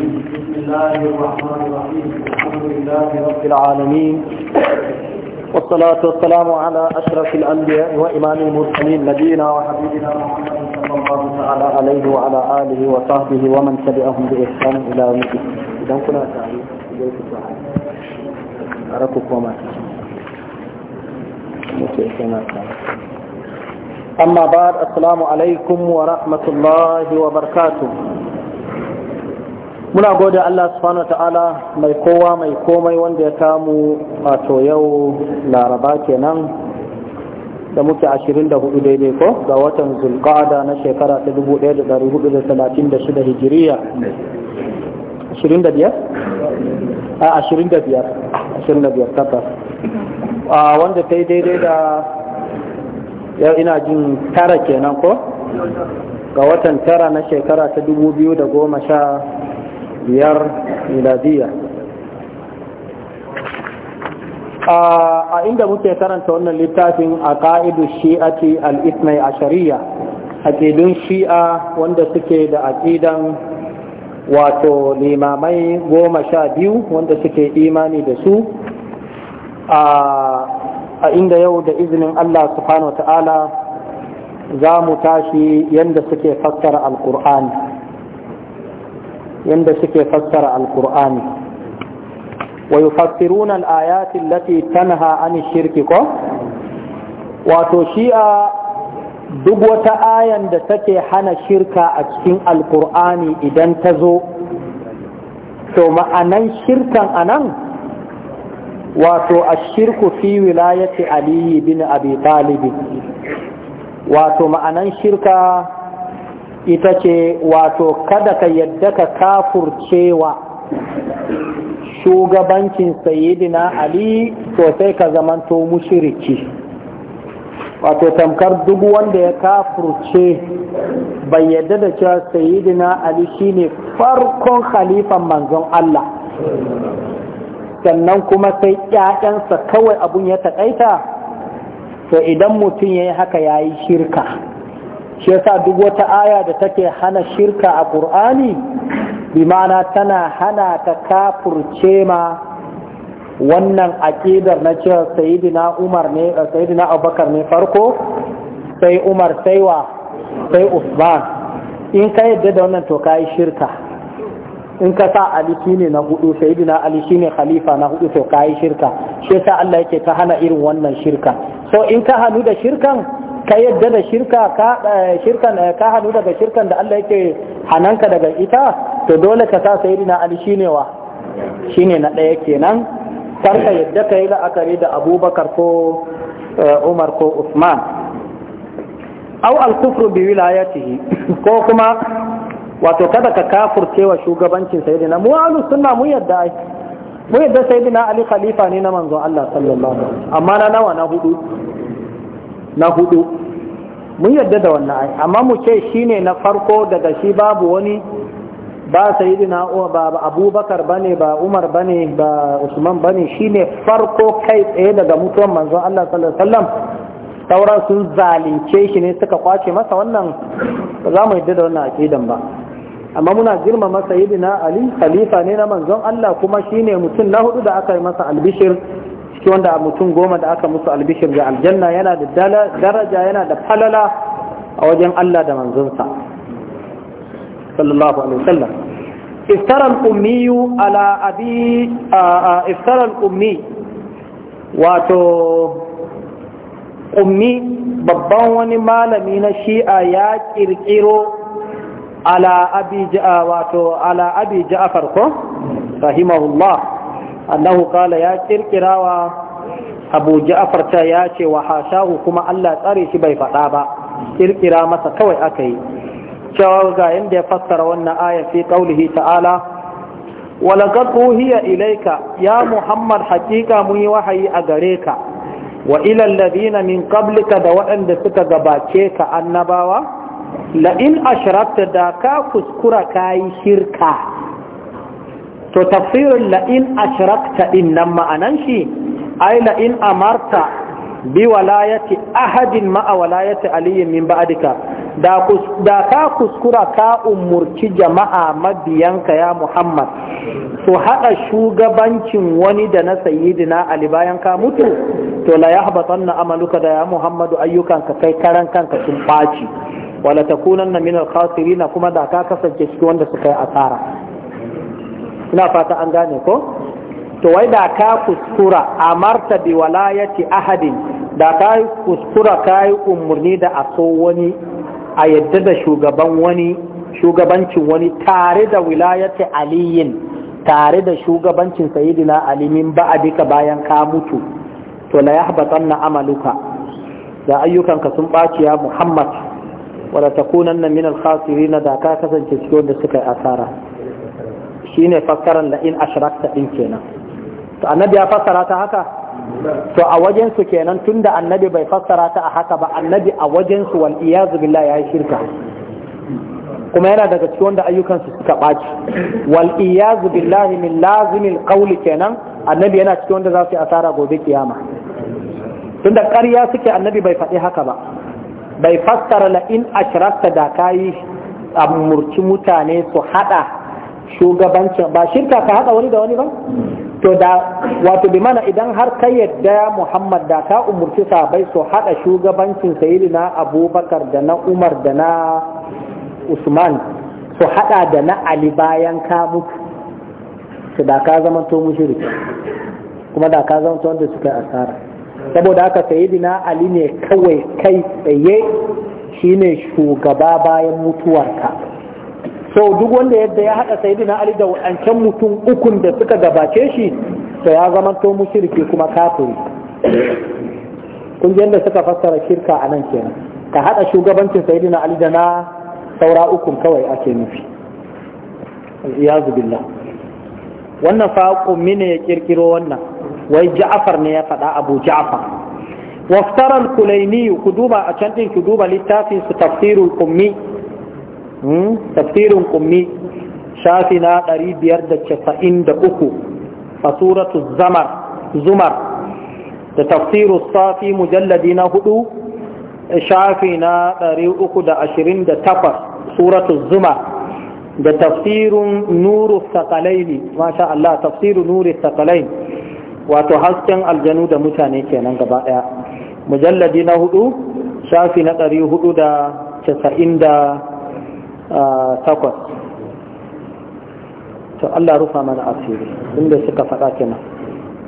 بسم الله الرحمن الرحيم الحمد لله رب العالمين والصلاة والسلام على أشرف الأنبياء وإمام المرسلين نبينا وحبيبنا محمد صلى الله تعالى عليه وعلى آله وصحبه ومن تبعهم بإحسان إلى يوم الدين. إذا كنا وما أما بعد السلام عليكم ورحمة الله وبركاته muna gode Allah subhanahu ta'ala mai kowa mai komai wanda ya kamu a yau laraba kenan da muke 24 daidai ko ga watan zulqa'ada na shekara ta 1436 hijiriya 25 a 25 25 tabbas a wanda ta yi daidai da yau ina jin tara kenan ko ga watan tara na shekara ta 2010 biyar miladiya a inda muke karanta wannan littafin a ka'idu shi'ati al-ithnai ashariya aƙidun shi'a wanda suke da aƙidan wato limamai goma sha biyu wanda suke imani da su a inda yau da izinin Allah subhanahu wa ta'ala za mu tashi yadda suke fassara al-Qur'ani yanda suke fassara alkur'ani wa yufassiruna al-ayati allati tanha an shirki ko wato shi'a duk wata ayan da take hana shirka a cikin alkur'ani idan ta zo to ma'anan shirkan anan wato ashirku fi wilayati aliyu bin abi talibin wato ma'anan shirka ita ce wato kada ka yadda ka kafurcewa shugabancin sayidina ali to sai ka zamanto mushiriki wato tamkar duk wanda ya kafurce bai yadda da cewa sayidina ali shine farkon khalifan manzon Allah sannan kuma sai ƴaƴansa kawai abun ya taƙaita to idan mutum ya yi haka ya yi shirka shi yasa duk wata aya da take hana shirka a ƙur'ani ma'ana tana hana ta kafurce ma wannan aƙidar na cewa sayidina umar ne eh, sayidina abubakar ne farko sai umar sai wa sai usman in ka yadda da wannan to ka yi shirka in ka sa ali shine na hudu sayidina ali shine khalifa na hudu to ka yi shirka shi yasa Allah yake ta hana irin wannan shirka so in ka hannu da shirkan ka yadda da shirka ka eh, shirkan eh, ka hadu daga shirkan da Allah yake hananka daga ita to dole ka sa sayyidina Ali shine wa shine na ɗaya kenan kar ka yadda ka yi la'akari da Abubakar ko eh, Umar ko Usman aw al-kufru bi wilayatihi ko kuma wato kada ka kafurce wa shugabancin sayyidina mu ahlus sunna mu yadda ai mu yadda sayyidina Ali khalifa ne na manzo Allah sallallahu alaihi wasallam amma na nawa na hudu na hudu mun yarda da wannan ai amma mu ce shine na farko daga shi babu wani ba uwa ba abubakar bane ba umar bane ba usman bane shine farko kai tsaye daga mutuwan manzon Allah sallallahu alaihi wasallam sauran sun zalince shi ne suka kwace masa wannan ba za mu yarda da wannan aqidan ba amma muna girmama sayyidina ali khalifa ne na manzon Allah kuma shine mutum na hudu da aka yi masa albishir cikin wanda mutum goma da aka musu albishir ga aljanna yana da daraja yana da falala a wajen Allah da manzonsa sallallahu alaihi wasallam iftara ummiyu ala abi iftara al-ummi wato ummi babban wani malami na shi'a ya kirkiro ala abi ja'a wato ala abi ja'far ko rahimahullah Allahu kala ya kirkirawa Abu Ja'far ta ya ce wa hashahu kuma Allah tsare shi bai faɗa ba Ƙirƙira masa kawai aka yi cewa ga inda ya fassara wannan ayar fi qaulihi ta'ala wa laqad uhiya ilaika ya Muhammad hakika mun yi wahayi a gare ka wa ila alladhina min qablika da waɗanda suka gabace ka annabawa La'in in ashrakta da ka kuskura kayi hirka. to tafsirin la'in ashrakta din nan ma'anan shi ai la'in amarta bi walayati ahadin ma'a walayati aliyin min ba'adika, da ka kuskura ka umurci jama'a mabiyanka ya Muhammad to haɗa shugabancin wani da na sayyidina Ali bayan ka mutu to la na amaluka da ya Muhammadu ayyukanka kai karan kanka sun ɓaci, wala na minar al-khasirin kuma da ka kasance cikin wanda suka yi asara ina fata an gane ko to wai da ka kuskura a martabi walayati ahadin da ka kuskura ka yi umarni da a so wani a yadda da shugaban wani shugabancin wani tare da wilayati aliyin tare da shugabancin sayidina ba a ba'adika bayan ka mutu to la yahbatanna amaluka da ayyukanka sun ɓaci ya muhammad wala na min al-khasirin da ka kasance cikin da suka yi asara ne fassarar da in ashrakta din kenan to annabi ya fassara ta haka to a wajen su kenan tunda annabi bai fassara ta a haka ba annabi a wajen su wal iyazu ya yi shirka kuma yana daga cikin wanda ayyukan su suka baci wal iyazu billahi min lazimil qawli kenan annabi yana cikin wanda za su yi asara gobe kiyama tunda ƙarya suke annabi bai faɗi haka ba bai fassara la in ashrakta da kayi amurci mutane su hada shugabancin ba shirka ka haɗa wani da wani ba to da wato bi mana idan har ka yadda Muhammad da ka umurci sahabbai su haɗa shugabancin sayyidina Abubakar da na Umar da na Usman su haɗa da na Ali bayan ka mutu to da ka zama to mushriki kuma da ka zama to wanda suka asara saboda haka sayyidina Ali ne kawai kai tsaye shine shugaba bayan mutuwarka so duk wanda yadda ya haɗa sayyidina ali da waɗancan mutum ukun da suka gabace shi to ya zama to mushriki kuma kafiri kun yadda suka fassara shirka a nan kenan ka haɗa shugabancin sayyidina ali da na saura ukun kawai ake nufi iyazu billah wannan fa ne ya kirkiro wannan wai ja'far ne ya faɗa abu ja'far can الكليني ku duba كدوبا su تفسير الأمي Hmm? tafsirin ƙummi shafi na 593 a suratu zamar zumar da tafsiru safi mujalladi na hudu shafi na 328 suratu zumar da tafsirun nuru sakalaini masha Allah tafsirin nuru sakalaini wato hasken aljanu da mutane kenan gaba daya mujalladi na hudu shafi na 490 takwas to Allah rufa mana asiri inda suka faɗa kenan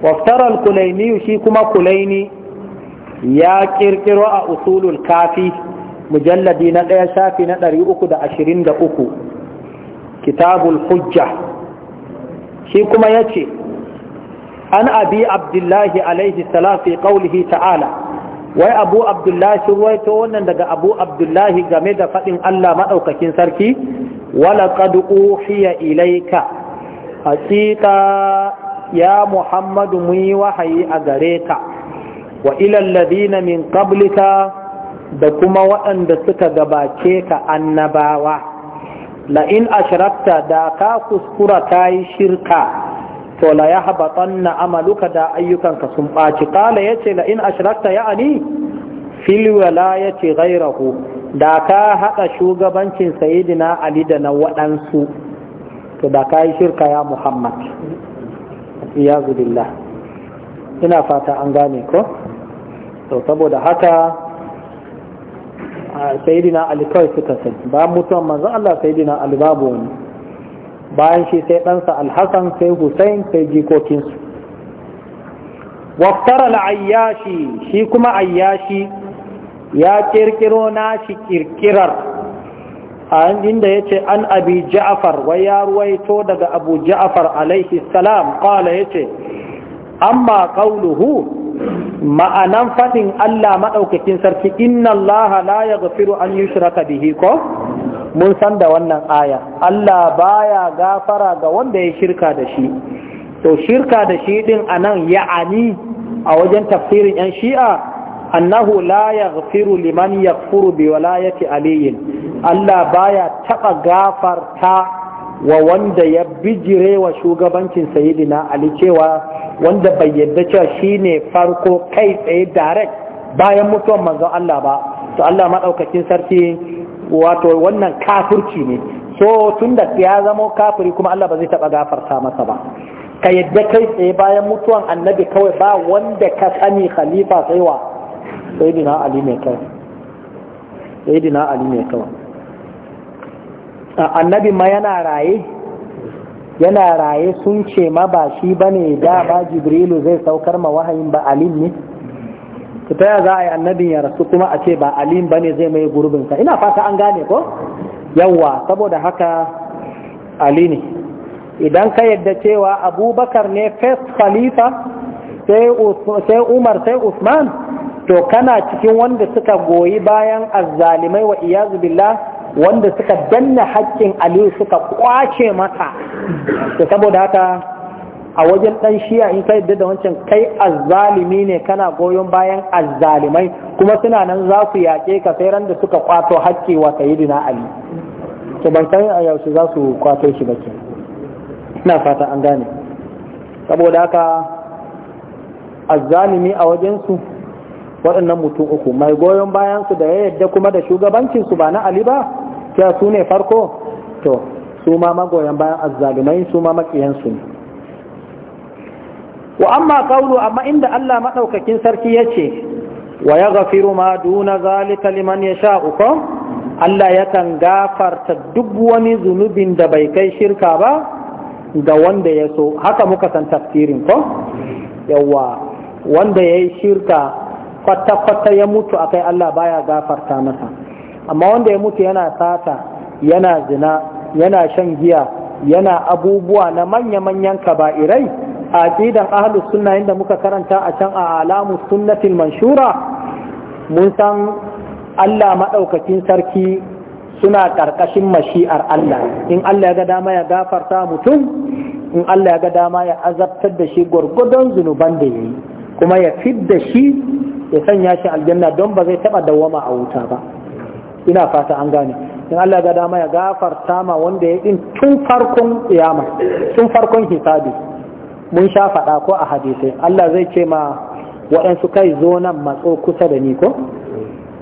waftaral kulaini shi kuma kulaini ya kirkiro a usulul kafi mujalladi na ɗaya shafi na ɗari uku da ashirin da uku kitabul hujja shi kuma yace, an abi abdullahi alaihi salam fi qawlihi ta'ala wai abu abdullahi ruwaito wannan daga abu abdullahi game da faɗin allah maɗaukakin sarki wala ƙadu'u uhiya ilaika hakika ya muhammadu mun yi wahayi a gare ka wa na min qablika da kuma waɗanda suka gabace ka annabawa la'in ashrakta da ka kuskura ka shirka to la yahbatanna amaluka da ayyukanka sun ɓaci, ƙala ya ce la in ashrakta ya'ani fil walayati ghayrahu da ka haɗa shugabancin sayyidina ali da na waɗansu? to da ka yi shirka ya muhammad ya zubilla. ina fata an gane ko to saboda haka sayyidina ali kawai suka sani ba mutuwan manzo Allah sayyidina ali babu wani bayan shi sai ɗansa alhassan sai hussein sai jikokinsu waftar al'ayyashi shi kuma ayyashi ya kirkiro nashi kirkirar a inda ya ce an abi ja'afar wai ya ruwaito daga abu ja'afar alaihi salam kala ya ce amma ƙauluhu ma'anan faɗin allah maɗaukakin sarki inna allaha la ya gafiru an yi shiraka bihi ko mun san da wannan aya Allah baya gafara ga wanda ya shirka da shi to shirka da shi din anan ya'ani a wajen tafsirin yan shi'a annahu la yaghfiru liman yaghfuru bi walayati aliyin Allah baya taba gafarta wa wanda ya bijire wa shugabancin sayyidina ali cewa wanda bai yadda cewa shine farko kai tsaye direct bayan mutuwar manzon Allah ba to Allah madaukakin sarki wato wannan kafirci ne so tunda ya zama kafiri kuma Allah ba zai taba gafarta masa ba ka yadda kai tsaye bayan mutuwan annabi kawai ba wanda ka sani khalifa saiwa sayyidina ali ne kawai sayyidina ali ne kawai annabi ma yana raye yana raye sun ce ma ba shi bane da ba jibrilu zai saukar ma wahayin ba alim ne to ta za a yi annabin ya rasu kuma a ce ba alim bane zai mai gurbinsa ina fata an gane ko Yawwa saboda haka ali ne idan ka yadda cewa abubakar ne first khalifa sai umar sai usman to kana cikin wanda suka goyi bayan azzalimai wa iyazu billah wanda suka danna haƙƙin aliyu suka kwace mata to saboda haka a wajen dan shiya in ka yadda da wancan kai azzalimi ne kana goyon bayan azzalimai kuma suna nan za su yaƙe ka sai ran da suka kwato hakki wa sayyidina ali to ban san a yaushe za su kwato shi ba ke ina fata an gane saboda haka azzalimi a wajen su waɗannan mutum uku mai goyon bayan su da ya yadda kuma da shugabancin su ba na ali ba sai su ne farko to su ma magoyan bayan azzalimai su ma makiyan su ne wa amma qawlu amma inda Allah madaukakin sarki yace wa yaghfiru ma duna zalika liman yasha'u uku? Allah yakan gafarta duk wani zunubin da bai kai shirka ba ga wanda ya so haka muka san tafsirin ko yawa wanda yayi shirka kwata-kwata ya mutu akai Allah baya gafarta masa amma wanda ya mutu yana sata yana zina yana shan giya yana abubuwa na manya-manyan kaba'irai a aqidan ahlus sunna inda muka karanta a can a alamu sunnatil manshura mun san Allah madaukakin sarki suna karkashin mashi'ar Allah in Allah ya ga dama ya gafarta mutum in Allah ya ga dama ya azabtar da shi gwargwadon zunuban da yayi kuma ya fidda shi ya sanya shi aljanna don ba zai taba dawama a wuta ba ina fata an gane in Allah ya ga dama ya gafarta ma wanda ya din tun farkon kiyama tun farkon hisabi mun sha faɗa ko a hadisai Allah zai ce ma waɗansu kai zo nan matso kusa da ni ko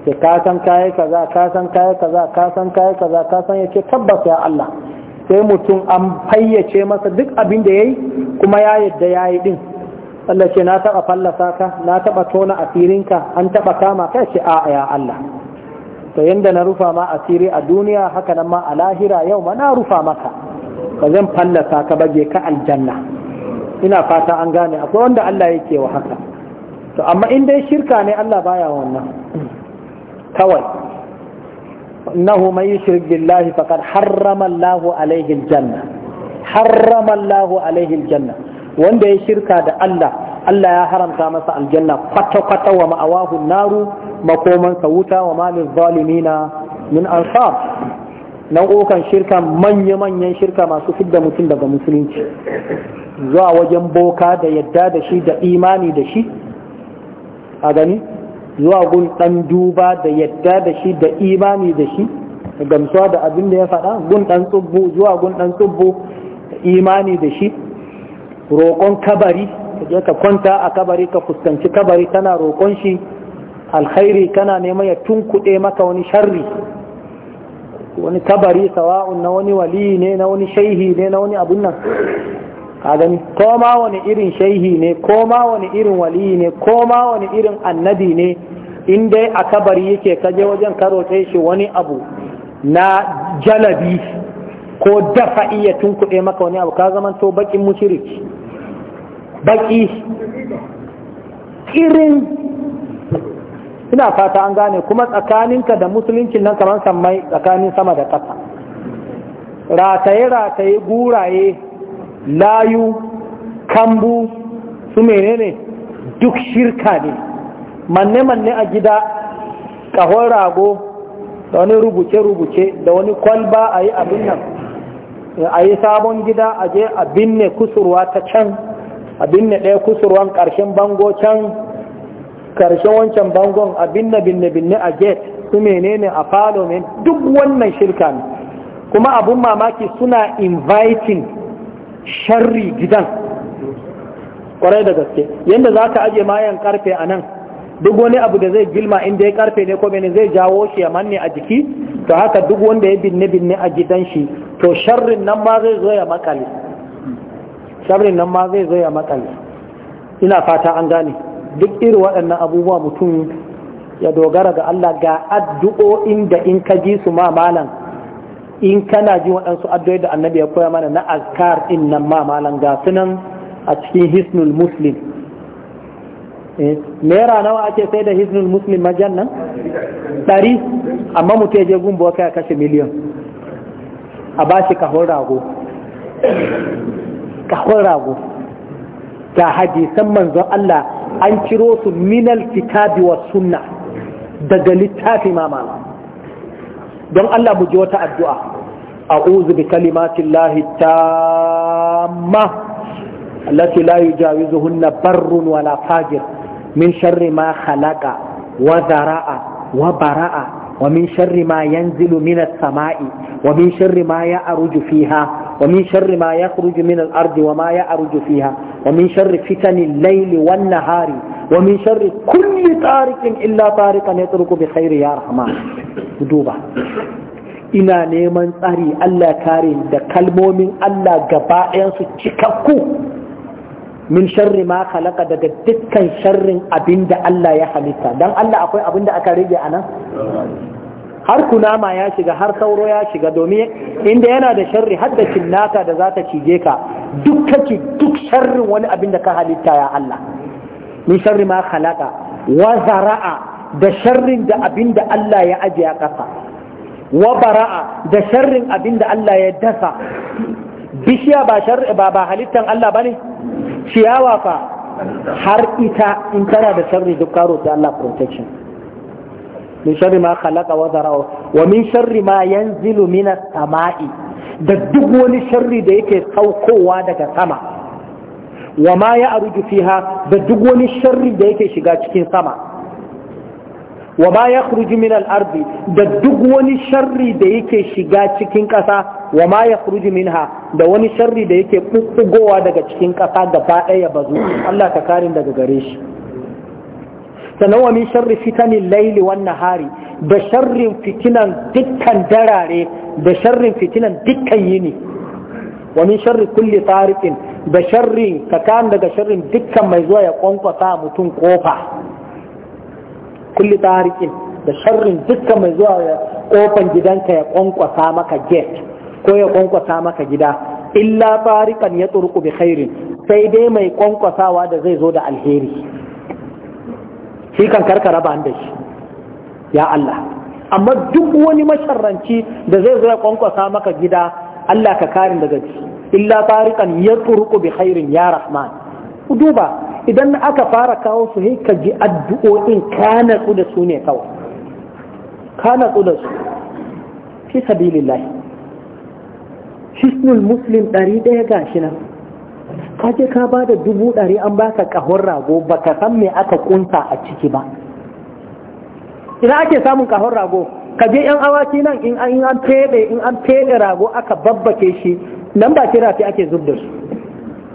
ce ka san kayi kaza ka san kayi kaza ka san kayi kaza ka san yace tabbas ya Allah sai mutum an fayyace masa duk abin da yayi kuma ya yadda yayi ɗin. Allah ce na taba fallasa ka na taba tona asirinka an taba kama kai ce a ya Allah to yanda na rufa ma asiri a duniya haka nan ma a lahira yau ma na rufa maka ba zan fallasa ka ba je ka aljanna ina fata an gane akwai wanda Allah yake wa haka to amma in dai shirka ne Allah baya wannan kawai innahu man yushrik billahi faqad harrama Allahu alaihi aljanna harrama Allahu alaihi aljanna wanda ya shirka da Allah Allah ya haramta masa aljanna kwata kwata wa ma'awahu naru sa wuta wa malil zalimina min ansar nau'ukan shirka manya-manyan shirka masu fidda mutum daga musulunci zuwa wajen boka da yadda da shi da imani da shi a gani zuwa gun ɗan duba da yadda da shi da imani da shi gamsuwa da abin da ya faɗa gun ɗan tsubbu zuwa gun ɗan tsubbu imani da shi roƙon kabari je ka kwanta a kabari ka fuskanci kabari tana roƙon shi alkhairi kana neman ya tunkuɗe maka wani sharri wani kabari sawa'un na wani wali ne na wani shaihi ne na wani abun nan ka gani ko ma wani irin shaihi ne ko ma wani irin wali ne ko ma wani irin annabi ne in dai a kabari yake kaje wajen karoce shi wani abu na jalabi ko dafa iya tunkuɗe maka wani abu ka to bakin mushrik baki irin ina fata an gane kuma tsakaninka da musuluncin nan kamar sammai tsakanin sama da ƙasa rataye-rataye guraye layu kambu su menene duk shirka ne manne-manne a gida ƙahon rago da wani rubuce-rubuce da wani kwalba a yi abin nan a yi sabon gida a je a binne kusurwa ta can a binne ɗaya kusurwan ƙarshen bango can karshen wancan bangon a binne binne binne a gate su menene a falo ne duk wannan shirka ne kuma abun mamaki suna inviting sharri gidan kwarai da gaske yadda za ka aje mayan karfe a nan duk wani abu da zai gilma inda ya karfe ne ko mene zai jawo shi ya manne a jiki to haka duk wanda ya binne binne a gidan shi to sharrin nan ma zai zo ya makale sharrin nan ma zai zo ya makale ina fata an gane duk irin waɗannan abubuwa mutum ya dogara ga Allah ga addu'o'in da in ka ji su ma malam in kana ji waɗansu addu'o'i da annabi ya koya mana na azkar in nan ma malam ga sunan a cikin hisnul muslim eh, naira nawa ake sai da hisnul muslim majan nan ɗari amma mutum ya je gumbo kai kashe miliyan a ba shi kahon rago kahon rago ga hadisan manzon Allah an ciro su minal kitabi wa sunna daga littafi mama. don Allah mu ji wata addu'a a'udhu bi kalimatin lahi tamma allati la yujawizuhunna barrun wala fajir min sharri ma khalaqa wa zara'a wa bara'a ومن شر ما ينزل من السماء ومن شر ما يعرج فيها ومن شر ما يخرج من الأرض وما يعرج فيها ومن شر فتن الليل والنهار ومن شر كل طارق إلا طارقا يترك بخير يا رحمن دوبا ina neman tsari Allah kare da kalmomin Allah gaba ɗayansu cikakku min sharri ma khalaqa daga dukkan sharrin abinda Allah ya halitta dan Allah akwai abinda aka rage anan har kunama ya shiga har sauro ya shiga domin inda yana da sharri har da cinnata da zata cije ka duk duk sharrin wani abinda ka halitta ya Allah min sharri ma khalaqa wa zara'a da sharrin da abin Allah ya aje a ƙasa wa bara'a da sharrin abin Allah ya dasa bishiya ba sharri ba ba halittan Allah bane ciyawa fa har ita in tana da sharri duk karo ta Allah protection min sharri ma khalaqa wa zara wa min sharri ma yanzilu as sama'i da duk wani sharri da yake saukowa daga sama wa ma ya aruju fiha da duk wani sharri da yake shiga cikin sama wa ma yakhruju min al-ardi da duk wani sharri da yake shiga cikin ƙasa wa ma minha da wani sharri da yake bubbugowa daga cikin ƙasa ba ɗaya bazu Allah ka karin daga gare shi sannan wa min sharri fitanin laili wan nahari da sharrin fitinan dukkan darare da sharrin fitinan dukkan yini wa min sharri kulli tariqin da sharri ka kan daga sharrin dukkan mai zuwa ya kwankwasa mutum kofa kulli tariqin da sharrin dukkan mai zuwa ya kofan gidanka ya kwankwasa maka gate ko ya kwankwasa maka gida illa tariqan ya turku bi khairin sai dai mai kwankwasawa da zai zo da alheri shi kan karkara ba da shi ya Allah amma duk wani masharranci da zai zo ya kwankwasa maka gida Allah ka karin daga shi illa tariqan ya turku bi khairin ya rahman duba idan aka fara kawo su sai ka ji addu'o'in ka natsu da su ne kawai ka su da su fi sabilillahi hisnul muslim ɗari ɗaya ga shi nan ka je ka ba da dubu ɗari an baka ƙahon rago ba ka san me aka kunta a ciki ba ina ake samun ƙahon rago ka je yan awaki nan in an fede in an fede rago aka babbake shi nan ba fi ake zub da su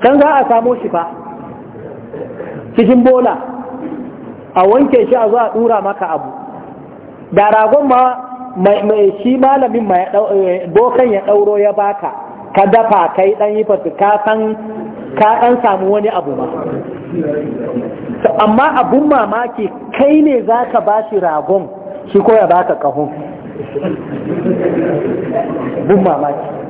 can za a samo shi fa cikin bola a wanke shi a zo a dura maka abu da ragon ma mai shi malamin ma eh, bokan ya dauro ya baka ka dafa kai dan yi fatu ka san ka dan samu wani abu ba amma abun mamaki kai ne zaka bashi ragon shi ko ya baka kahon bun mamaki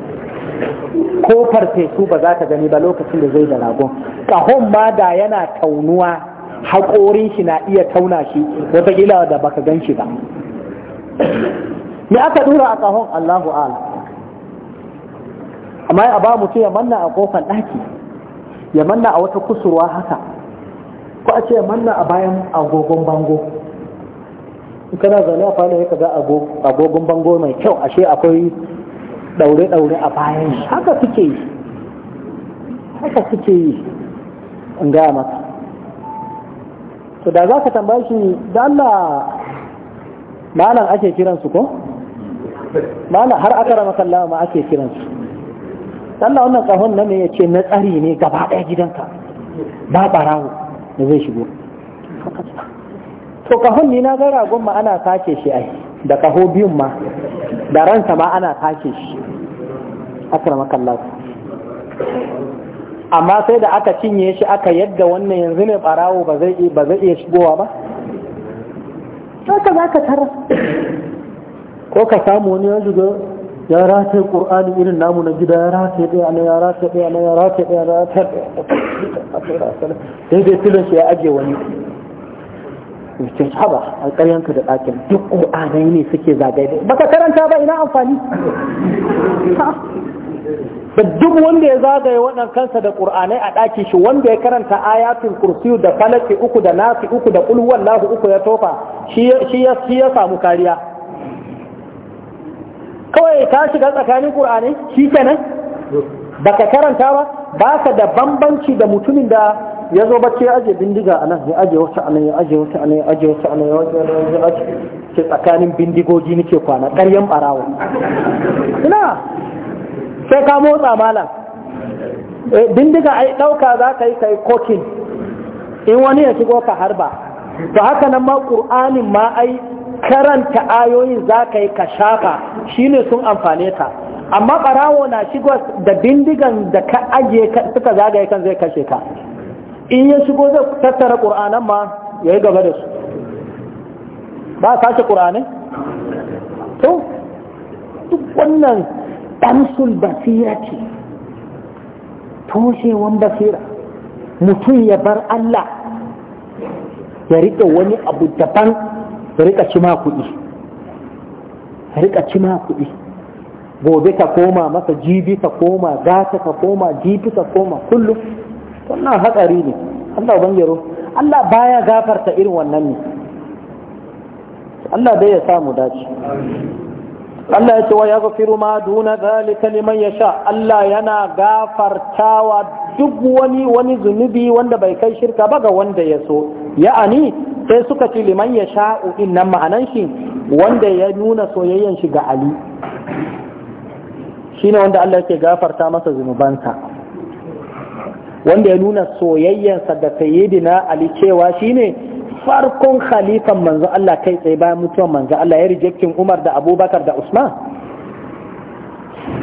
Kofar teku ba za ka gani ba lokacin da zai da ragon ƙahon ma da yana taunuwa haƙorin shi na iya tauna shi wataƙila da baka gan shi ba me aka dura a ƙahon allahu ala amma a ba mutum ya manna a ƙofar ɗaki ya manna a wata kusurwa haka ko a ce ya manna a bayan agogon bango in kana zaune a falon ya kaga agogon bango mai kyau ashe akwai ɗaure-ɗaure a bayan shi haka suke yi haka suke yi in gaya maka to da za ka tambaye shi da Allah malam ake kiransu ko? malam har aka rama kallama ma ake kiransu Allah wannan tsahon na me yace na tsari ne gaba ɗaya gidanka ba barawo da zai shigo to kahon ni na ga ragon ma ana sake shi ai da kaho biyun ma da ransa ma ana tashe shi makallar amma sai da aka cinye shi aka yadda wannan yanzu ne barawo ba zai iya shigowa ba haka za ka tara ko ka samu wani ya shiga ya rataye ƙur'ani irin namu na gida ya rataye ɗaya na ya rataye ɗaya na ya rataye ɗaya na ya rataye ɗaya daidai filin shi ya ajiye wani cikin haba alƙaryanka da ɗakin duk ƙur'anai ne suke zagaye baka karanta ba ina amfani da duk wanda ya zagaye waɗannan kansa da ƙur'anai a ɗaki shi wanda ya karanta ayatul kursiyu da falaki uku da nasi uku da ƙul wallahu uku ya tofa shi ya samu kariya kawai ka shiga tsakanin ƙur'anai shi kenan baka karanta ba baka da bambanci da mutumin da ya zo bacci ya aje bindiga a nan ya aje wata anan, ya aje wata anan, ya aje wata anan, ya aje wata ya nan ke tsakanin bindigogi nake kwana ƙaryan ɓarawa ina sai ka motsa malam eh, bindiga ai ɗauka za ka yi ka yi kokin in wani ya shigo ka harba to haka nan ma ƙur'anin ma ai karanta ayoyin za ka yi ka shafa shine sun amfane ta. amma ɓarawo na shigo da bindigan da ka aje suka zagaye kan zai kashe ka in ya shigo zai tattara ƙur'anan ma ya yi gaba da su ba ka kashe ƙur'anai to duk wannan ɗansul basira ce toshewan basira mutum ya bar Allah ya riƙe wani abu daban ya riƙa ma kuɗi ya rika ma kuɗi gobe ta koma masa jibi ta koma gata ta koma jibi ta koma kullum wannan hatsari ne Allah ban yaro Allah baya gafarta irin wannan ne Allah dai ya samu dace Allah ya ce wa yaghfiru ma duna zalika liman yasha Allah yana gafartawa duk wani wani zunubi wanda bai kai shirka ba ga wanda ya so ya'ani sai suka ce liman yasha din ma'anan shi wanda ya nuna soyayyan shi ga Ali shine wanda Allah yake gafarta masa zunubansa wanda ya nuna soyayyarsa ga sayyidina ali cewa shine farkon khalifan manzo Allah kai tsaye bayan mutuwar manzo Allah ya rijekin Umar da Abubakar da Usman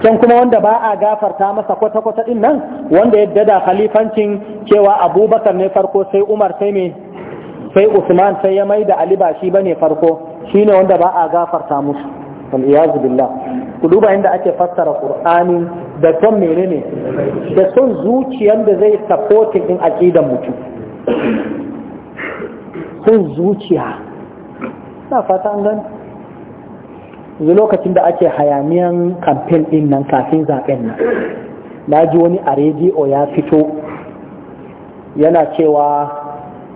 can kuma wanda ba a gafarta masa kwata-kwata din nan wanda ya dada khalifancin cewa Abubakar ne farko sai Umar sai me sai Usman sai ya mai da Ali ba shi bane farko shine wanda ba a gafarta musu wal iyazu billah ku duba inda ake fassara qur'ani da son menene da son zuciyar da zai supporting din aqidar mutum son zuciya na fata an gani lokacin da ake hayaniyan kamfen din nan kafin zaben nan na ji wani a rediyo ya fito yana cewa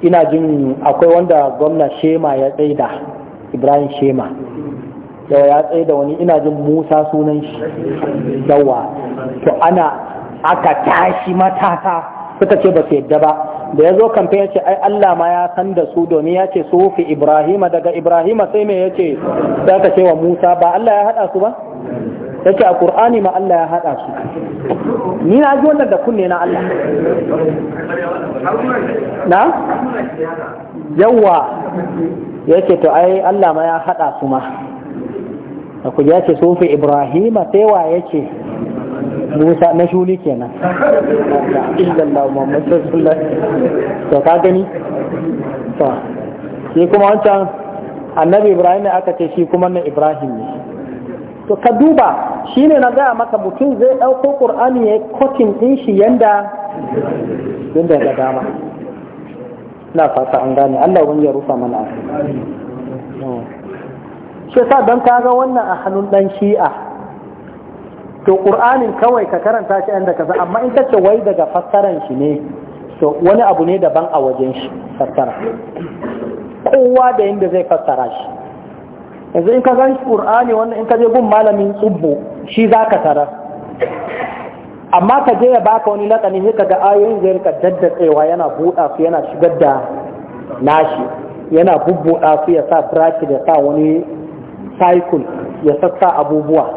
ina jin akwai wanda gwamna shema ya tsaida ibrahim shema Yau ya tsaye da wani ina jin musa sunan shi yawa to ana aka tashi matasa suka ce ba su yadda ba da ya zo kamfe ya ce ai Allah ma ya san da su domin ya ce su fi Ibrahima daga Ibrahima sai me ya ce za ka ce wa Musa ba Allah ya haɗa su ba ya ce a Kur'ani ma Allah ya haɗa su ni na ji wannan da kunne na Allah na yawa ya ce to ai Allah ma ya haɗa su ma da ku ce sufi ibrahima sai wa ya ce musa na shuli kenan illallah muhammad sallallahu to ka gani to shi kuma wancan annabi ibrahim ne aka ce shi kuma na ibrahim ne to ka duba shi ne na gaya maka mutum zai ɗauko qur'ani ya kotin din shi yanda yanda ga dama na fata an gane allah wani ya rufa mana a shi sa don kaga wannan a hannun dan shi'a to ƙur'anin kawai ka karanta shi inda kaza amma in kace wai daga fassaran shi ne to wani abu ne daban a wajen shi fassara kowa da yadda zai fassara shi yanzu in ka gan ƙur'ani wannan in ka je gun malamin tsubbo shi za ka tara, amma ka je ya baka wani lakani sai ga ayoyin zai rika daddatsewa yana buɗa su yana shigar da nashi yana bubbuɗa su ya sa bracket ya sa wani cycle ya sassa abubuwa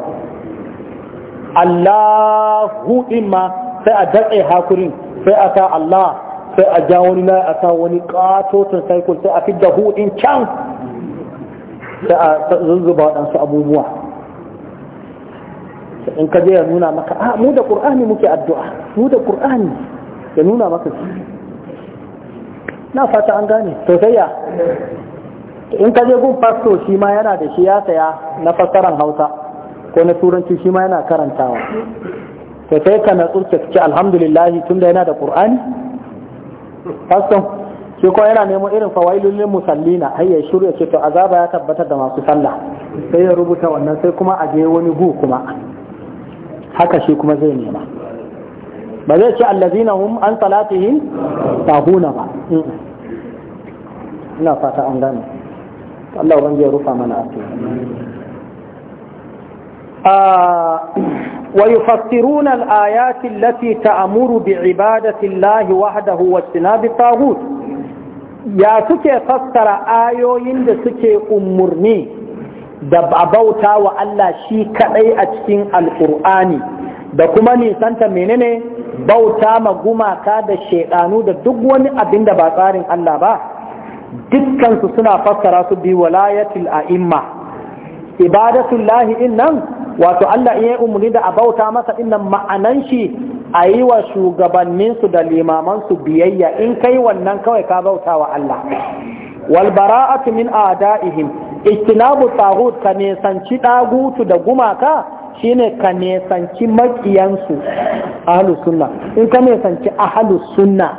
Allahu imma sai a datse hakurin sai a ta Allah sai a ja wani na a sa wani katotin cycle sai a fi fidda hudin can sai a zuzzuba waɗansu abubuwa in ka je ya nuna maka a ah, mu da ƙur'ani muke addu'a mu da ƙur'ani ya nuna maka na fata an gane to sai ya in ka je gun fasto shi ma yana da shi ya saya na fassaran hausa ko na turanci shi ma yana karantawa to sai ka na ka ci alhamdulillah tunda yana da qur'ani faston shi ko yana nemo irin fawailul lil musallina ai ya shirya ce to azaba ya tabbatar da masu sallah sai ya rubuta wannan sai kuma a je wani gu kuma haka shi kuma zai nema ba zai ce allazina hum an salatihim tahuna ba ina fata an gane Allah wa ranzu ya rufa mana ake. Wa yi fassiru na al’ayatin lafi ta amuru bi ibadatin lahi wa sinabi tahut, ya suke fassara ayoyin da suke umurni da bauta wa Allah shi kadai a cikin al’ur'ani, da kuma nisanta menene bauta ma gumaka da shekanu da duk wani abinda ba tsarin Allah ba, dukkansu suna fassara su bi walayatul a'imma ibadatul lahi wato Allah ya umarni da abauta masa innan ma'anan shi a yi wa shugabanninsu da limamansu biyayya in kai wannan kawai ka bauta wa Allah wal bara'atu min a'da'ihim ittinabu taghut ka nesanci dagutu da gumaka shine ka nesanci makiyansu ahlus sunna in ka nesanci ahlus sunna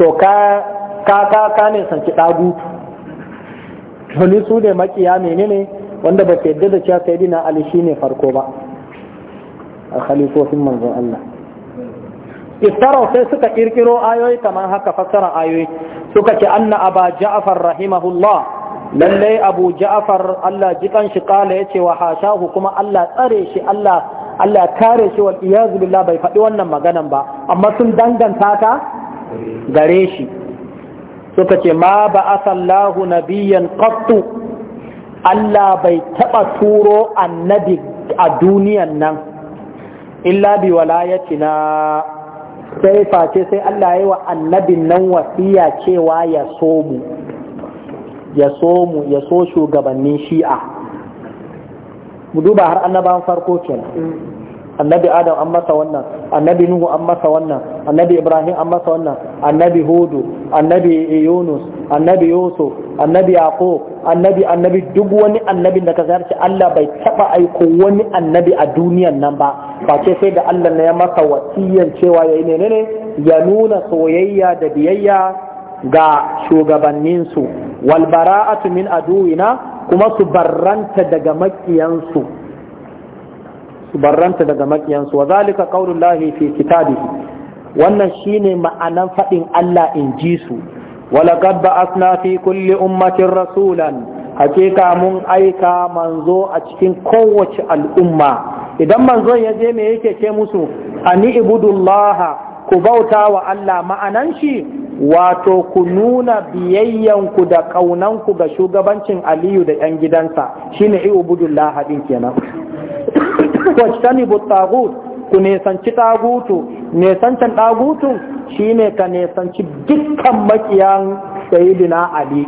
to ka ka ka ka ne sanki dagutu Wani su ne makiya menene wanda ba su yadda da cewa sayyidina ali shine farko ba a khalifofin manzon Allah iftara sai suka kirkiro ayoyi kamar haka fassara ayoyi suka ce anna aba ja'far rahimahullah lallai abu ja'far Allah jikan shi kala yace wa hashahu kuma Allah tsare shi Allah Allah kare shi wal iyazu billah bai faɗi wannan maganan ba amma sun danganta ta gare shi suka ce ma ba na nabiyan qattu Allah bai taɓa turo annabi a duniyan nan illa bi walayatina sai face sai Allah ya yi wa annabin nan wasiya cewa ya so mu ya so mu ya so shugabannin shi'a mu duba har annaban farko kenan annabi adam an masa wannan annabi nuhu an masa wannan annabi ibrahim an masa wannan annabi hudu annabi yunus annabi yusuf annabi yaqo annabi annabi duk wani annabin da ka zarce Allah bai taba aiko wani annabi a duniyan nan ba ba ce sai da Allah ne ya masa wasiyan cewa yayi ne? ya nuna soyayya da biyayya ga shugabanninsu wal bara'atu min aduina kuma su barranta daga makiyansu su barranta daga makiyansu wa zalika qaulullahi fi kitabihi wannan shine ma'anan faɗin Allah in ji su wala qad ba'athna fi kulli ummatin rasulan hakika mun aika manzo a cikin kowace al'umma idan manzo ya je me yake ce musu ani ibudullaha ku bauta wa Allah ma'anan shi wato ku nuna biyayyanku da ƙaunanku ga shugabancin Aliyu da ‘yan gidansa shine ibudullaha din kenan. washtani bu tagut ku nesanci tagutu nesancan tagutu shine ka nesanci dukkan makiyan sayyidina ali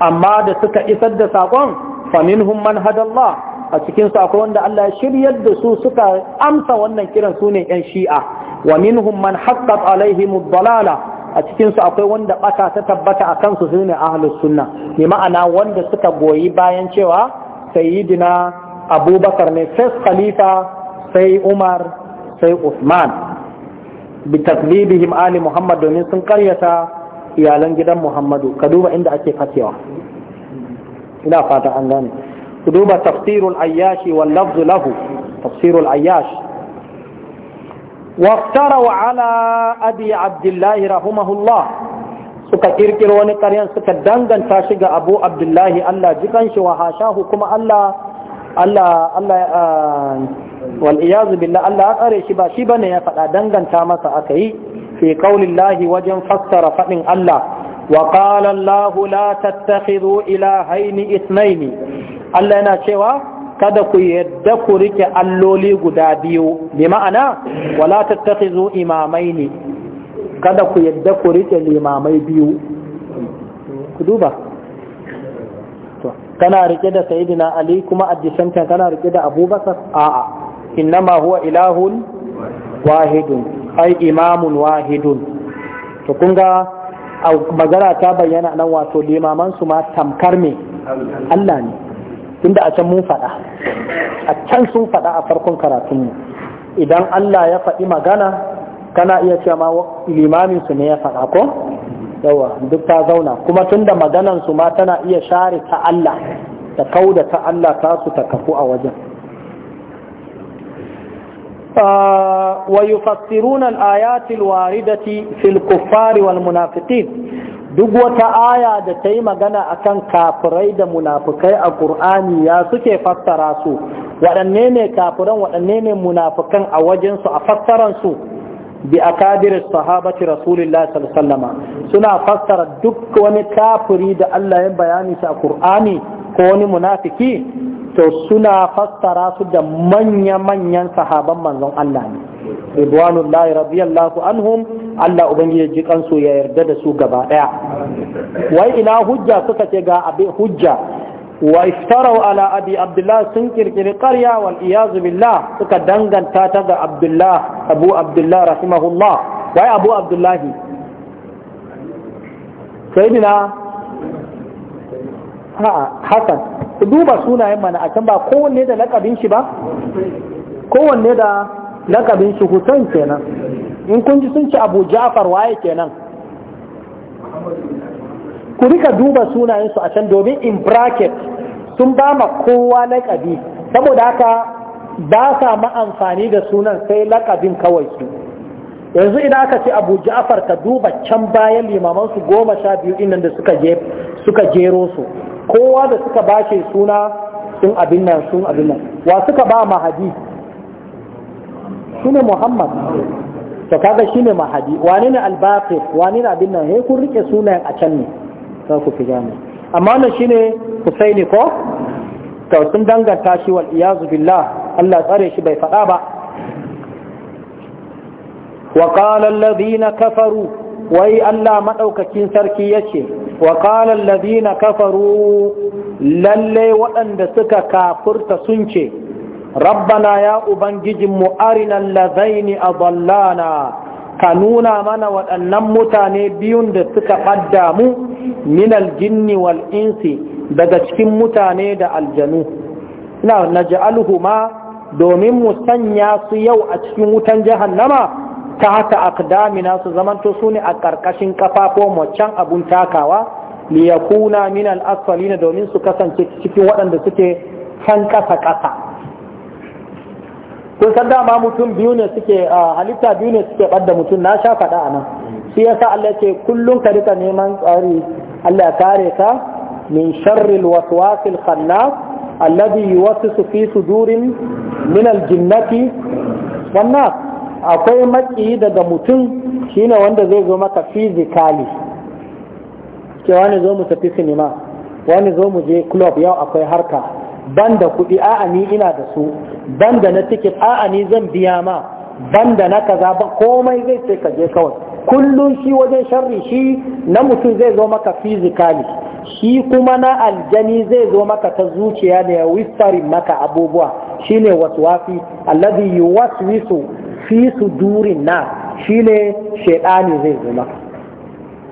amma da suka isar da sakon faminhum man hadallah a cikin su akwai wanda Allah ya shiryar da su suka amsa wannan kiran su ne yan shi'a wa minhum man haqqat alaihim dalala a cikin su akwai wanda bata ta tabbata a kansu su ne ahlus sunna bi ma'ana wanda suka goyi bayan cewa sayyidina abubakar ne sai khalifa sai umar sai usman bi takdibihim ali muhammad domin sun karyata iyalan gidan muhammadu ka duba inda ake fakewa ina fata an gane ku duba tafsirul ayyashi wal lafzu lahu tafsirul ayyashi Waftara wa أبي عبد Abdullahi رحمه suka kirkiro wani ƙaryan suka danganta shi ga abu abdullahi Allah jikan shi wa hashahu kuma Allah Allah Allah ah, billah Allah ya tsare shi ba shi bane ya faɗa danganta masa aka yi fi lahi wajen fassara faɗin Allah wa qala lahu la tattakhidhu ilahaini ithnaini Allah yana cewa kada ku yadda ku rike alloli guda biyu bi ma'ana wa wala tattakhidhu imamaini kada ku yadda ku rike limamai biyu ku duba kana rike da sayyidina ali kuma addisanka kana rike da abubakar a'a innama huwa ilahun wahidun ai imamun wahidun to kun ga magana ta bayyana nan wato limaman su ma tamkar me Allah ne tunda a can mun faɗa a can sun faɗa a farkon karatunmu idan Allah ya faɗi magana kana iya cewa ma limamin su ne ya faɗa ko yawa duk ta zauna kuma tun da maganansu ma tana iya share ta Allah ta kauda ta Allah ta su ta kafu a wajen wa yufassiruna al-ayati waridati fil kuffari wal munafiqin duk wata aya da ta yi magana akan kafirai da munafukai a Kur'ani ya suke fassara su waɗanne ne kafiran waɗanne ne munafukan a wajensu a fassaransu bi akadir sahabati rasulillah sallallahu suna fassara duk wani kafiri da Allah ya bayani shi a Qur'ani ko wani munafiki to suna fassara su da manya-manyan sahaban manzon Allah ne ridwanullahi radiyallahu anhum Allah ubangiji ji kansu ya yarda da su gaba daya wai ina hujja suka ce ga abin hujja wa iftarau ala abi abdullah sun kirkiri ƙarya wal iyazu billah suka danganta ta ga abdullah abu abdullah rahimahullah wai abu abdullahi sayyidina haka duba sunayen mana a can ba kowanne da lakabin shi ba kowanne da lakabin shi Hussein kenan in kun ji sun ci Abu Ja'far waye kenan ku rika duba sunayensu a can domin in bracket sun ba ma kowa laƙabi saboda haka ba sa ma amfani da sunan sai laƙabin kawai su yanzu idan aka ce abu ja'far ka duba can bayan limaman su goma sha biyu innan da suka je suka jero su kowa da suka bace suna sun abin nan sun abin nan wa suka ba mahadi shine muhammad to kaga shine mahadi wane ne al wani ne abin nan he kun rike sunayen a can ne za ku fi gane amma wannan shine Husaini ko to sun danganta shi wal iyazu billah Allah tsare shi bai faɗa ba wa qala alladhina kafaru wai Allah madaukakin sarki yace wa qala alladhina kafaru lalle waɗanda suka kafurta sun ce rabbana ya ubangijin mu arinan lazaini adallana ka nuna mana waɗannan mutane biyun da suka ɓadda mu minal jinni wal insi daga cikin mutane da aljanu na naj'aluhu ma domin mu sanya su yau a cikin wutan jahannama ta haka aqdamina su zamanto su ne a ƙarƙashin kafafo waccan abun takawa liyakuna minal asfalina domin su kasance cikin waɗanda suke kan ƙasa ƙasa kun san dama mutum biyu ne suke halitta biyu ne suke ɓadda mutum na sha faɗa a nan shi yasa Allah ce kullum ka rika neman tsari Allah ya kare ka min sharril waswasil khannas alladhi yuwaswisu fi sudurin min aljinnati wan akwai maki daga mutum shine wanda zai zo maka physically ke wani zo mu tafi sinima wani zo mu je club yau akwai harka Banda da kuɗi a'a ni ina da su banda na tiket a'a ni zan biya ma banda na kaza ba komai zai sai ka je kawai kullum shi wajen sharri shi na mutum zai zo maka fizikali shi kuma na aljani zai zo maka ta zuciya da ya wistari maka abubuwa shine waswafi alladhi yuwaswisu fi sudurin na shine shedani zai zo maka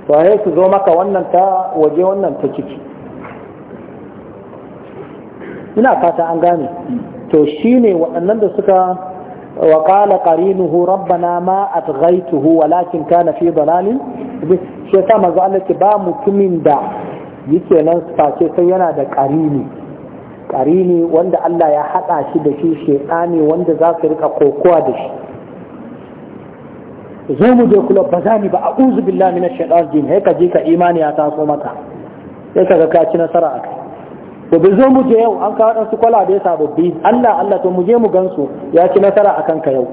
to su zo maka wannan ta waje wannan ta ciki ina fata an gane to shine waɗannan da suka wa qala qarinuhu rabbana ma atghaytuhu walakin kana fi dalalin shi yasa manzo Allah ke ba mutumin da yake nan face sai yana da qarini qarini wanda Allah ya hada shi da shi ne wanda za su rika kokowa da shi zo mu je kula ba za ni ba a billahi minash shaitanir rajim sai ka je ka imani ya taso maka sai ka ka ci nasara akai to bai zo mu yau an kawo ɗansu kwalabe sababbi Allah Allah to muje mu gansu ya ci nasara a kanka yau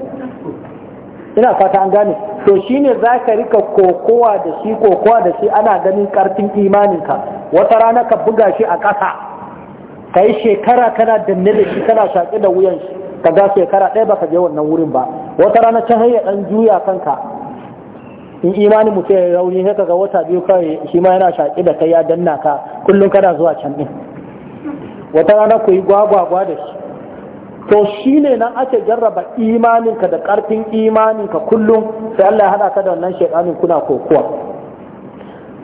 ina fata an gane to shine za ka rika kokowa da shi kokowa da shi ana ganin karfin imaninka wata rana ka buga shi a ƙasa ka yi shekara kana danne da shi kana shaƙi da wuyan shi ka ga shekara ɗaya baka je wannan wurin ba wata rana can hanyar ɗan juya kanka in imanin mutum ya rauni sai ga wata biyu kawai shi ma yana shaƙi da kai ya danna ka kullum kana zuwa can ɗin wata rana ku yi gwagwagwa da shi to shi ne nan ake jarraba imaninka da ƙarfin imaninka kullum sai Allah ya haɗa ka da wannan shekarun kuna kokowa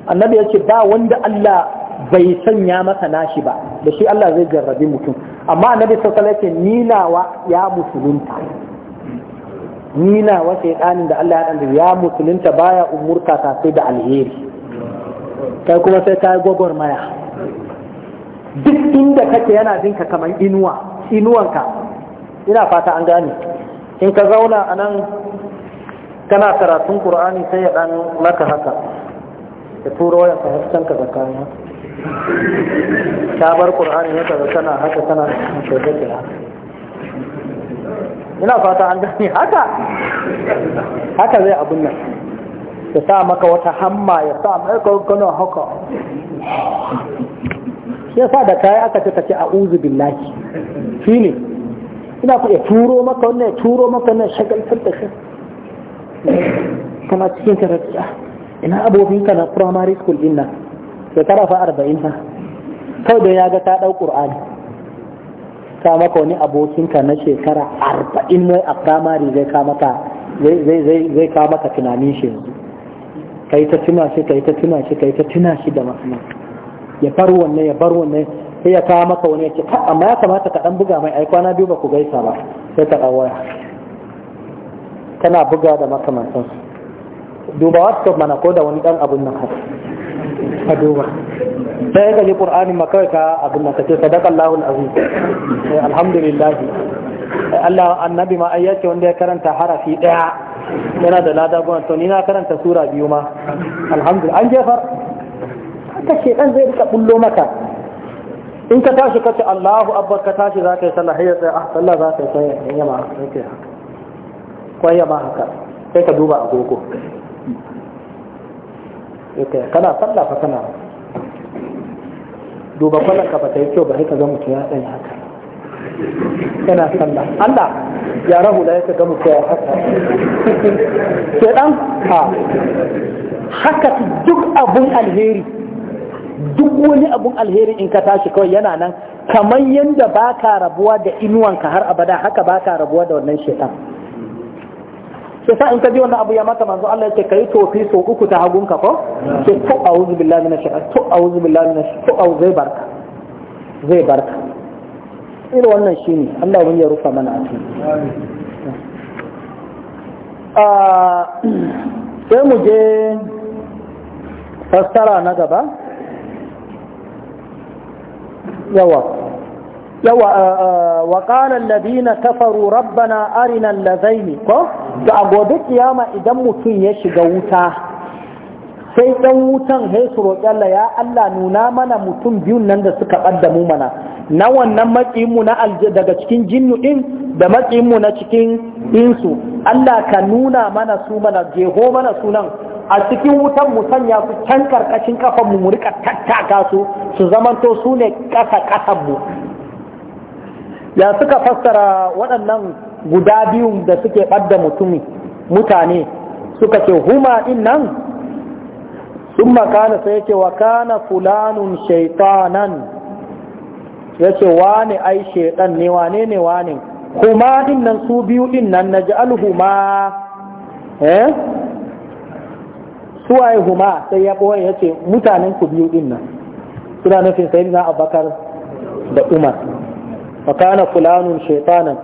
annabi ya ce ba wanda Allah bai sanya masa nashi ba da shi Allah zai jarrabi mutum amma annabi kala yake ninawa ya musulunta ninawa shaidanin da Allah ya haɗa ya musulunta baya umurta ta sai da alheri kai kuma sai ta yi gwagwarmaya duk inda kake yana jinka kamar inuwa inuwanka ina fata an gane in ka zauna a nan kana karatun qur'ani sai ya dan maka haka ya turo ya fahimtan ka zakaya ta bar qur'ani ya kaga kana haka kana haka kake ina fata an gane haka haka zai abun nan ya sa maka wata hamma ya sa maka kana haka sa da kayi aka ce kace a'udhu billahi ne ina ku ya turo maka wannan ya turo maka wannan shagaltar da shi kana cikin karatu ah, ina abubuwan ka na primary school din nan shekara fa 40 fa kai don ya ga ta ɗau qur'ani ka maka wani abokin ka na shekara arba'in mai a primary zai ka maka zai ka maka tunanin shi yanzu kai ta tuna shi kai ta tuna shi kai ta tuna shi da masu ya bar wannan ya bar wannan sai ya kawo maka wani yake amma ya kamata ka dan buga mai ai kwana biyu ba ku gaisa ba sai ka dawo Tana kana buga da makamantan duba whatsapp mana ko da wani dan abun nan haka a duba sai ka ji qur'anin ma kawai ka abun nan kace sadaqallahu alazim alhamdulillah Allah annabi ma ayyace wanda ya karanta harafi daya yana da lada gona to ni na karanta sura biyu ma alhamdulillah an jefar haka shedan zai rika bullo maka in ka tashi ka ce Allahu Abba ka tashi za ka yi sallah hayya sai ah sallah za ka yi sai in yama yake haka ko yama haka sai ka duba agogo yake kana sallah fa kana duba kwallon ka ba ta yi kyau ba sai ka ga mutum ya tsaya haka yana sallah Allah ya rahu da yake ga mutum ya haka ke dan ha haka duk abun alheri duk wani abun alheri in ka tashi kawai yana nan kamar yadda ba ka rabuwa da inuwanka har abada haka ba ka rabuwa da wannan shekar sai sa in ka ji wannan abu ya maka manzo Allah ya ka kai tofi so uku ta hagun ka ko sai to a'udhu billahi minash shaitan to a'udhu billahi minash to a'udhu zai barka zai barka irin wannan shine Allah ya rufa mana asiri ah, sai mu je fassara na gaba yawa yawa eh, eh, wa qala alladhina kafaru rabbana arina ne ko da a gobe kiyama idan mutum ya shiga wuta sai ɗan wutan hai su Allah ya Allah nuna mana mutum biyun nan da suka ɓadda mana na wannan maƙinmu na alje daga cikin jinnu ɗin da maƙinmu na cikin insu Allah ka nuna mana su mana jeho mana sunan a cikin wutan mu sanya su can karkashin kafan mu rika tattaka su su zamanto su ne kasa kasan mu ya suka fassara waɗannan guda biyun da suke ɓadda mutumi mutane suka ce huma in nan sun makana sai yake wa kana fulanun shaitanan ya ce wane ai shaitan ne wane ne wane huma in nan su biyu in nan na ji alhuma eh suwaye huma sai ya ɓoye ya ce mutanen ku biyu din nan suna nufin sai na abakar da umar wa kana fulanun shaitanan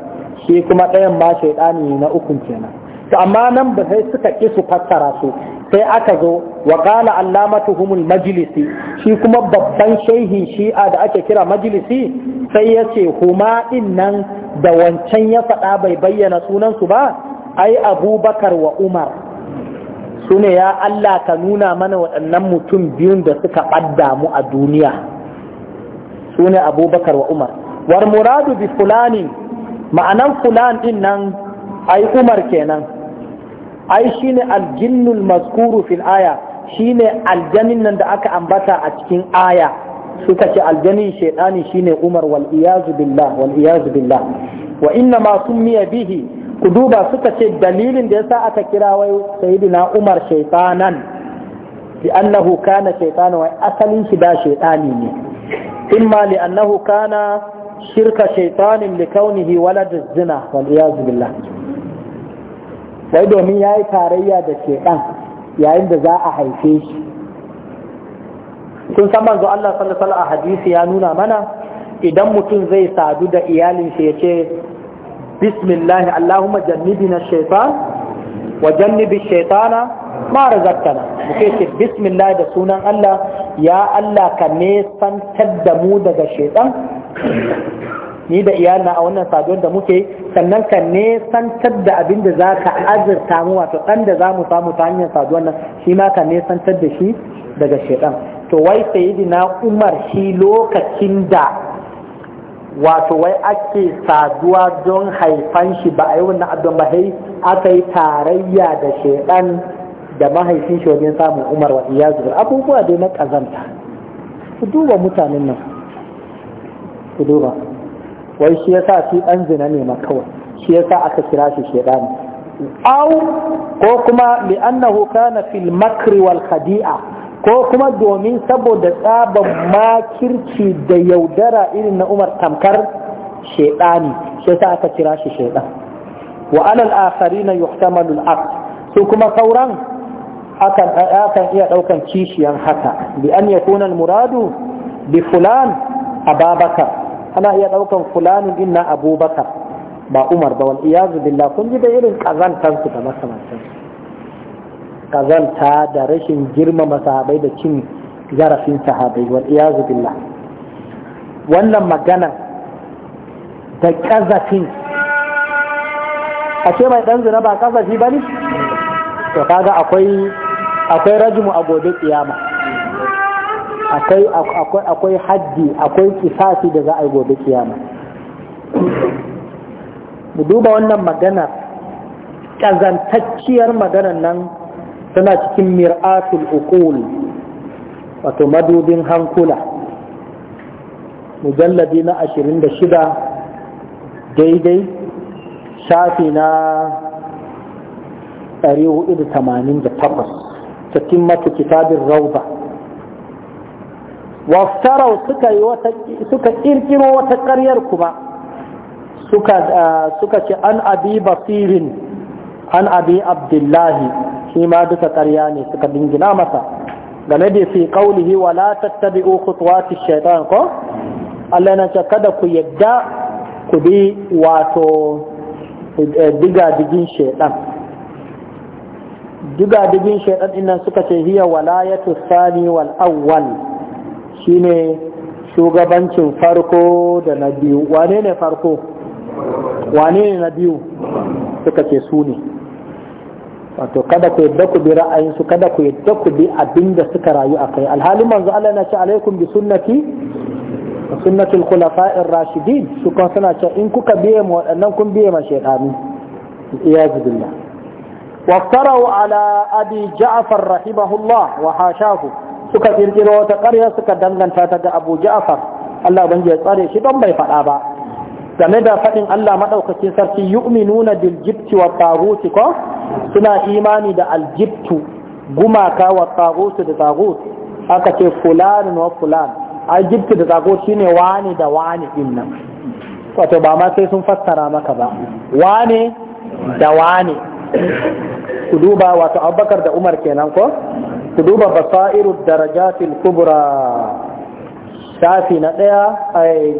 shi kuma ɗayan ma shaitani na ukun kenan to amma nan ba sai suka ki su fassara su sai aka zo wa qala allamatuhumul majlisi shi kuma babban shehin shi'a da ake kira majlisi sai yace huma din nan da wancan ya faɗa bai bayyana sunansu ba ai abubakar wa umar su ne ya Allah ka nuna mana waɗannan mutum biyun da suka ɓadda mu a duniya su ne abubakar wa umar war muradu bi fulani ma'anan fulan din nan ai umar kenan ai shine aljinnul maskuru fil aya shine aljanin nan da aka ambata a cikin aya suka ce aljani shaidani shine umar wal iyazu billah wal iyazu billah wa inna ma summiya bihi ku duba suka ce dalilin da yasa aka kira wai sayyidina umar shaitanan bi annahu kana shaitan wa asalin shi da shaitani ne imma li annahu kana shirka shaitanin li kaunihi walad zina wal iyazu billah wai domin yayi tarayya da shaitan yayin da za a haife shi Sun san manzo Allah sallallahu alaihi a hadisi ya nuna mana idan mutum zai sadu da iyalin shi yace bismillah Allahumma jannibina shaytan wa jannibi shaytana ma razaqtana muke ce bismillah da sunan Allah ya Allah ka ne santar da mu daga shaytan ni da iyalina a wannan saduwar da muke sannan ka nesantar da abin da za ka azurta mu wato ɗan da za mu samu ta hanyar saduwar nan shi ma ka nesantar da shi daga shaidan to wai sayidina umar shi lokacin da wato wai ake saduwa don haifan shi ba a yi wannan abin ba sai aka yi tarayya da shaidan da mahaifin shi wajen samun umar wa iya zubar abubuwa dai na kazanta ku duba mutanen nan ku duba wai shi yasa shi dan zina ne ma kawai shi yasa aka kira shi shaidan au ko kuma li'annahu kana fil makri wal khadi'a ko kuma domin saboda tsaban makirci da yaudara irin na umar tamkar shaidani sai sa aka kira shi shaidan wa alal na yuhtamalu al su kuma sauran akan akan iya daukan kishiyan haka bi an yakuna al muradu bi fulan ababakar ana iya daukan fulanun inna abubakar ba umar ba wal iyazu billah kun ji da irin kazantan su da makamantan kazanta da rashin girmama sahabai da cin zarafin sahabai wal iyazu billah wannan magana da kazafin a ce mai dan zina ba kazafi ba ne to kaga akwai akwai rajmu a gobe kiyama akwai akwai akwai haddi akwai kisasi da za a yi gobe kiyama mu duba wannan magana kazantacciyar maganar nan tana cikin mir'atul uqul wato madubin hankula mujalladi na 26 daidai shafi na 488 cikin mata kitabin rauba waftarau suka kirkiro wata karyar kuma ah, suka ce an abi basirin an abi abdullahi shi ma duka ƙarya ne suka dingina masa game da fi qaulihi wa la tattabi'u khutuwati shaytan ko Allah na ce kada ku yadda ku bi wato eh, diga digin shaytan diga digin shaytan innan suka ce hiya walayatu sani wal awwal shine shugabancin farko da na biyu wane ne farko wane ne na biyu suka ce su ne wato kada ku yadda ku bi ra'ayinsu kada ku yadda ku bi abinda suka rayu a kai alhalin manzo Allah na ce alaikum bi sunnati wa sunnatul khulafa'ir rashidin su suna ce in kuka biye mu waɗannan kun biye ma shaytanu iyazu billah wa ala abi ja'far rahimahullah wa hashahu suka kirkiro wata ƙarya suka danganta ta ga abu ja'far Allah ubangiji ya tsare shi don bai faɗa ba game da faɗin Allah maɗaukacin sarki yu'minuna nuna jibti wa taguti ko suna imani da aljibtu gumaka wa taguti da tagut aka ce fulani wa fulan aljibtu da tagut ne wani da wani din nan wato ba ma sai sun fassara maka ba wani da wani ku duba wato abubakar da umar kenan ko ku duba basairu darajatil kubra shafi na ɗaya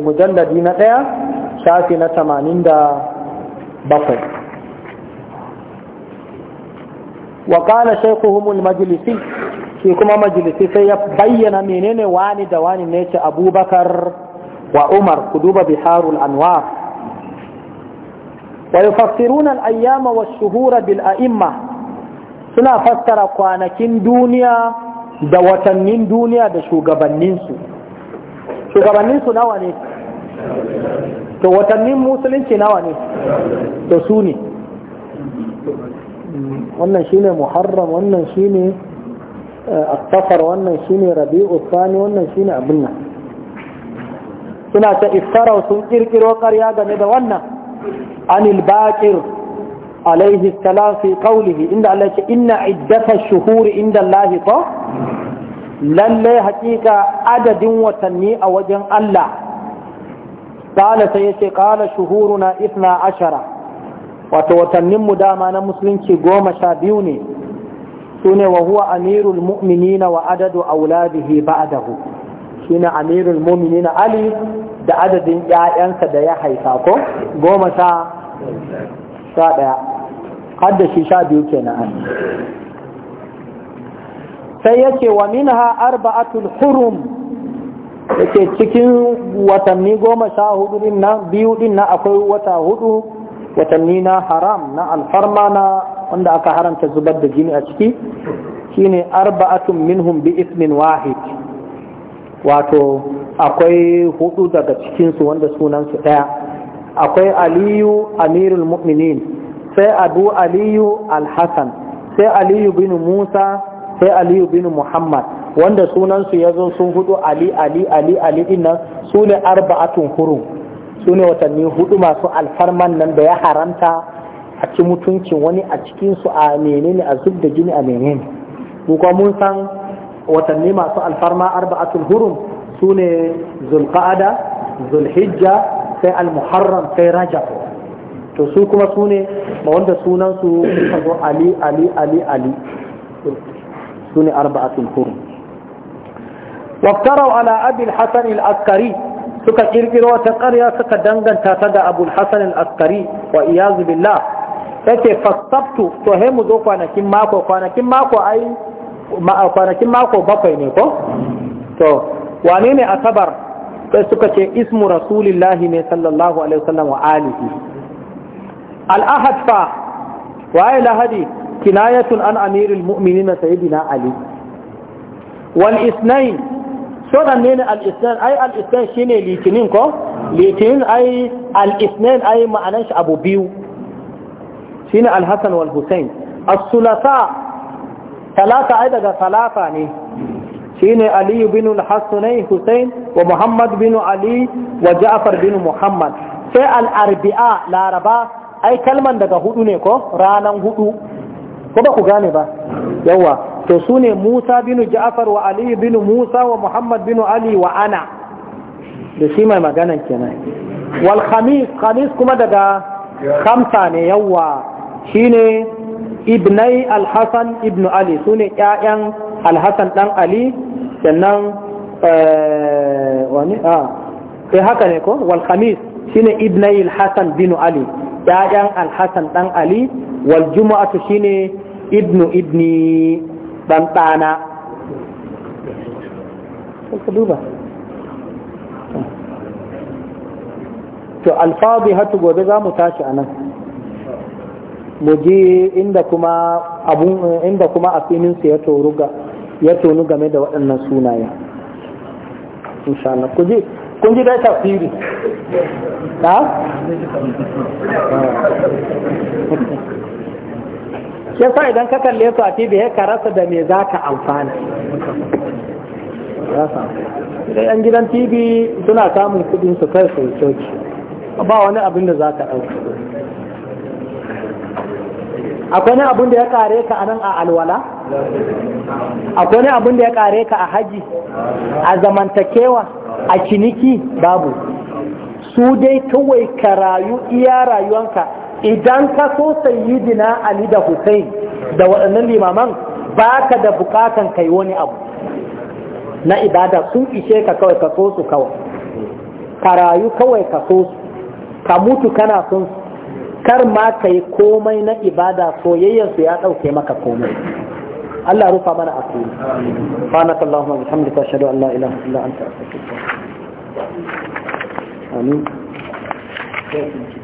mujalladi na ɗaya shafi na tamanin da bakwai wa ƙala shaikuhumul majalisi shi kuma majalisi sai ya bayyana menene wani da wani ne ce abubakar wa umar ku duba biharul anwar wa yufassiruna ayyama wa shuhura bil a'imma suna fassara kwanakin duniya da watannin duniya da shugabanninsu shugabanninsu nawa ne to watannin musulunci nawa ne to su ne wannan shine muharram wannan shine eh, safar wannan shine rabi'u sani wannan shine abin nan suna ta iftarau sun kirkiro karya game da wannan anil baqir alaihi salam fi qawlihi inda Allah ce inna iddata shuhuri inda Allah ta lalle hakika adadin watanni a wajen Allah kala sai yace shuhuru na isna ashira. wata watannin mu dama na musulunci goma sha biyu ne sune wa huwa amirul mu'minina wa adadu auladihi ba'dahu shine amirul mu'minina ali da adadin ƴaƴansa da ya haifa ko goma sha sha ɗaya har da shi sha biyu kenan sai yace wa minha arba'atul hurum yake cikin watanni goma sha hudu din nan biyu din nan akwai wata hudu watanni na haram na alfarma na wanda aka haramta zubar da jini a ciki shine arba'atun minhum bi ismin wahid wato akwai hudu daga cikinsu wanda sunansu ɗaya akwai aliyu amirul mu'minin sai abu aliyu alhassan sai aliyu bin musa sai aliyu bin muhammad wanda sunansu ya zo sun hudu ali ali ali ali dinnan su ne arba'atun hurum su ne watanni hudu masu alfarman nan da ya haramta a ci mutuncin wani a cikinsu a menene a zub da jini a menene kuma mun san watanni masu alfarma arba'atun hurum su ne zulqa'ada zulhijja sai almuharram sai rajab to su kuma su ne wanda sunansu ali ali ali ali sune arba'atul hurum waftarau ala abi al-hasan al-askari suka kirkiro ta ƙarya suka danganta ta ga abul hasan al-askari wa iyazu billah yace fastabtu to he mu zo kwanakin mako kwanakin mako ai ne ko to ne asabar sai suka ce ismu rasulillahi ne sallallahu alaihi fa waye lahadi kinayatun an amirul mu'minin sayyidina ali wal isnain sodan ne al-isnan ai al-isnan shine litinin ko litinin ai al-isnan ai ma'anan abu biyu shine al-hasan wal husain as-sulasa talata ai daga salafa ne Shi ali bin al-hasanai husain wa muhammad bin ali wa ja'far bin muhammad sai al-arbi'a laraba ai kalman daga hudu ne ko ranan huɗu. ko ba ku gane ba yawa to su ne Musa binu Ja'far wa Ali binu Musa wa Muhammad binu Ali wa ana da shi mai magana kenan wal khamis khamis kuma daga khamsa ne yawa shine ibnai al-Hasan ibn Ali su ne ƴaƴan al-Hasan dan Ali sannan eh, wani a ah, sai eh, haka ne ko wal khamis shine ibnai al-Hasan binu Ali ƴaƴan al-Hasan dan Ali wal jumu'atu shine ibnu ibni dan ɗana to alfabi hatu gobe za mu tashi a nan mu je inda kuma abun inda kuma ya toru ya tonu game da waɗannan sunaye insha Allah ku kun ji dai tafsiri ha yasa idan ka kalle su a tv ka rasa da me za ka amfana rasa yan gidan tv suna samun kudin su kai su coci ba wani abin da za ka ɗauka akwai ne abin da ya kare ka a nan a alwala akwai ne abin da ya kare ka a haji a zamantakewa a ciniki babu su dai kawai ka rayu iya rayuwanka idan ka so sayyidina ali da hussein da waɗannan limaman ba ka da bukatan kai wani abu na ibada sun ishe ka kawai ka so su kawai ka rayu kawai ka so su ka mutu kana son su kar ma ka yi komai na ibada su ya ɗauke maka komai Allah rufa mana asiri fana allahumma wa bihamdika ta an Allah ila Allah anta amin